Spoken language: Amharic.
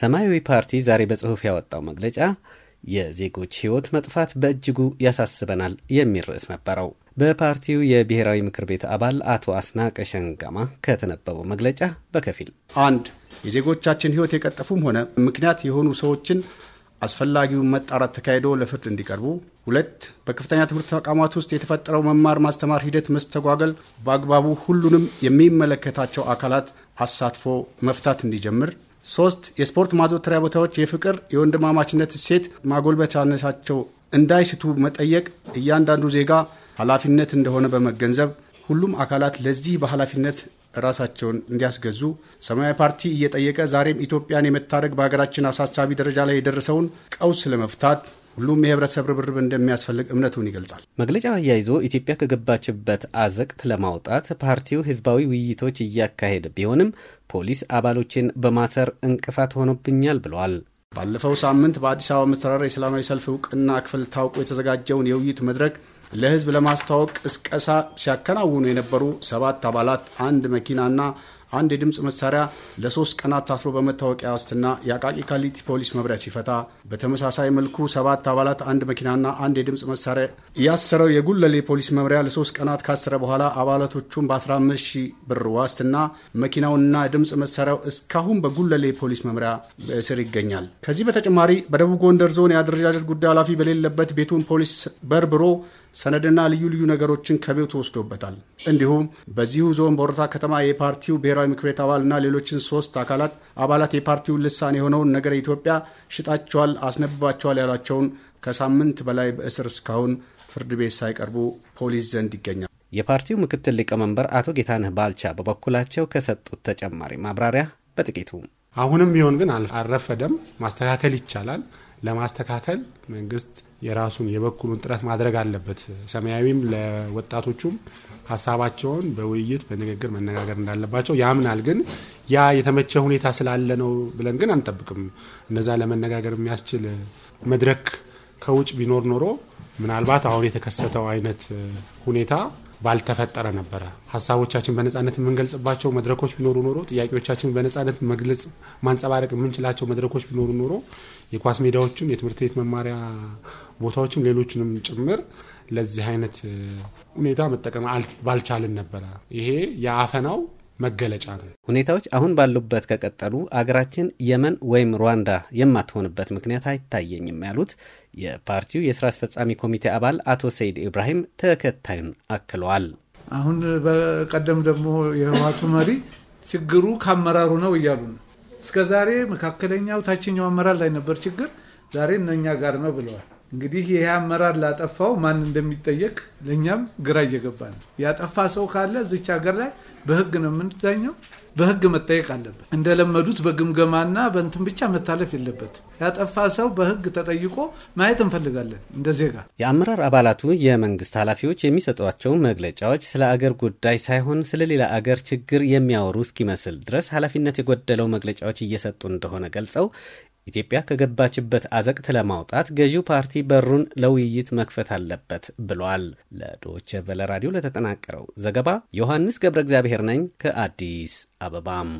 ሰማያዊ ፓርቲ ዛሬ በጽሑፍ ያወጣው መግለጫ የዜጎች ሕይወት መጥፋት በእጅጉ ያሳስበናል የሚል ርዕስ ነበረው። በፓርቲው የብሔራዊ ምክር ቤት አባል አቶ አስናቀ ሸንጋማ ከተነበበው መግለጫ በከፊል አንድ የዜጎቻችን ሕይወት የቀጠፉም ሆነ ምክንያት የሆኑ ሰዎችን አስፈላጊውን መጣራት ተካሂዶ ለፍርድ እንዲቀርቡ፣ ሁለት በከፍተኛ ትምህርት ተቋማት ውስጥ የተፈጠረው መማር ማስተማር ሂደት መስተጓገል በአግባቡ ሁሉንም የሚመለከታቸው አካላት አሳትፎ መፍታት እንዲጀምር ሶስት የስፖርት ማዘውተሪያ ቦታዎች የፍቅር የወንድማማችነት እሴት ማጎልበቻነታቸው እንዳይስቱ መጠየቅ እያንዳንዱ ዜጋ ኃላፊነት እንደሆነ በመገንዘብ ሁሉም አካላት ለዚህ በኃላፊነት ራሳቸውን እንዲያስገዙ ሰማያዊ ፓርቲ እየጠየቀ ዛሬም ኢትዮጵያን የመታደግ በሀገራችን አሳሳቢ ደረጃ ላይ የደረሰውን ቀውስ ለመፍታት ሁሉም የህብረተሰብ ርብርብ እንደሚያስፈልግ እምነቱን ይገልጻል። መግለጫው አያይዞ ኢትዮጵያ ከገባችበት አዘቅት ለማውጣት ፓርቲው ህዝባዊ ውይይቶች እያካሄደ ቢሆንም ፖሊስ አባሎችን በማሰር እንቅፋት ሆኖብኛል ብሏል። ባለፈው ሳምንት በአዲስ አበባ መስተዳድር የሰላማዊ ሰልፍ እውቅና ክፍል ታውቆ የተዘጋጀውን የውይይት መድረክ ለህዝብ ለማስተዋወቅ ቅስቀሳ ሲያከናውኑ የነበሩ ሰባት አባላት አንድ መኪናና አንድ የድምፅ መሳሪያ ለሶስት ቀናት ታስሮ በመታወቂያ ዋስትና የአቃቂ ካሊቲ ፖሊስ መምሪያ ሲፈታ፣ በተመሳሳይ መልኩ ሰባት አባላት አንድ መኪናና አንድ የድምፅ መሳሪያ ያሰረው የጉለሌ ፖሊስ መምሪያ ለሶስት ቀናት ካሰረ በኋላ አባላቶቹን በ15 ሺህ ብር ዋስትና መኪናውንና የድምፅ መሳሪያው እስካሁን በጉለሌ ፖሊስ መምሪያ ስር ይገኛል። ከዚህ በተጨማሪ በደቡብ ጎንደር ዞን የአደረጃጀት ጉዳይ ኃላፊ በሌለበት ቤቱን ፖሊስ በርብሮ ሰነድና ልዩ ልዩ ነገሮችን ከቤቱ ወስዶበታል። እንዲሁም በዚሁ ዞን በወረታ ከተማ የፓርቲው ብሔራዊ ምክር ቤት አባልና ሌሎችን ሶስት አካላት አባላት የፓርቲውን ልሳን የሆነውን ነገረ ኢትዮጵያ ሽጣቸዋል፣ አስነብባቸዋል ያሏቸውን ከሳምንት በላይ በእስር እስካሁን ፍርድ ቤት ሳይቀርቡ ፖሊስ ዘንድ ይገኛል። የፓርቲው ምክትል ሊቀመንበር አቶ ጌታነህ ባልቻ በበኩላቸው ከሰጡት ተጨማሪ ማብራሪያ በጥቂቱ አሁንም ቢሆን ግን አልረፈደም፣ ማስተካከል ይቻላል። ለማስተካከል መንግስት የራሱን የበኩሉን ጥረት ማድረግ አለበት። ሰማያዊም ለወጣቶቹም ሀሳባቸውን በውይይት በንግግር መነጋገር እንዳለባቸው ያምናል። ግን ያ የተመቸ ሁኔታ ስላለ ነው ብለን ግን አንጠብቅም። እነዛ ለመነጋገር የሚያስችል መድረክ ከውጭ ቢኖር ኖሮ ምናልባት አሁን የተከሰተው አይነት ሁኔታ ባልተፈጠረ ነበረ። ሀሳቦቻችን በነጻነት የምንገልጽባቸው መድረኮች ቢኖሩ ኖሮ፣ ጥያቄዎቻችን በነጻነት መግለጽ ማንጸባረቅ የምንችላቸው መድረኮች ቢኖሩ ኖሮ የኳስ ሜዳዎችን የትምህርት ቤት መማሪያ ቦታዎችም ሌሎችንም ጭምር ለዚህ አይነት ሁኔታ መጠቀም ባልቻልን ነበረ። ይሄ የአፈናው መገለጫ ነው። ሁኔታዎች አሁን ባሉበት ከቀጠሉ አገራችን የመን ወይም ሩዋንዳ የማትሆንበት ምክንያት አይታየኝም ያሉት የፓርቲው የስራ አስፈጻሚ ኮሚቴ አባል አቶ ሰይድ ኢብራሂም ተከታዩን አክለዋል። አሁን በቀደም ደግሞ የህወሓቱ መሪ ችግሩ ከአመራሩ ነው እያሉ ነው። እስከ ዛሬ መካከለኛው ታችኛው አመራር ላይ ነበር ችግር፣ ዛሬ እነኛ ጋር ነው ብለዋል። እንግዲህ ይህ አመራር ላጠፋው ማን እንደሚጠየቅ ለእኛም ግራ እየገባ ነው። ያጠፋ ሰው ካለ እዚች ሀገር ላይ በህግ ነው የምንዳኘው፣ በህግ መጠየቅ አለበት። እንደለመዱት በግምገማና በእንትን ብቻ መታለፍ የለበት። ያጠፋ ሰው በህግ ተጠይቆ ማየት እንፈልጋለን እንደ ዜጋ። የአመራር አባላቱ የመንግስት ኃላፊዎች የሚሰጧቸው መግለጫዎች ስለ አገር ጉዳይ ሳይሆን ስለ ሌላ አገር ችግር የሚያወሩ እስኪመስል ድረስ ኃላፊነት የጎደለው መግለጫዎች እየሰጡ እንደሆነ ገልጸው ኢትዮጵያ ከገባችበት አዘቅት ለማውጣት ገዢው ፓርቲ በሩን ለውይይት መክፈት አለበት ብሏል። ለዶቼ ቨለ ራዲዮ ለተጠናቀረው ዘገባ ዮሐንስ ገብረ እግዚአብሔር ነኝ ከአዲስ አበባም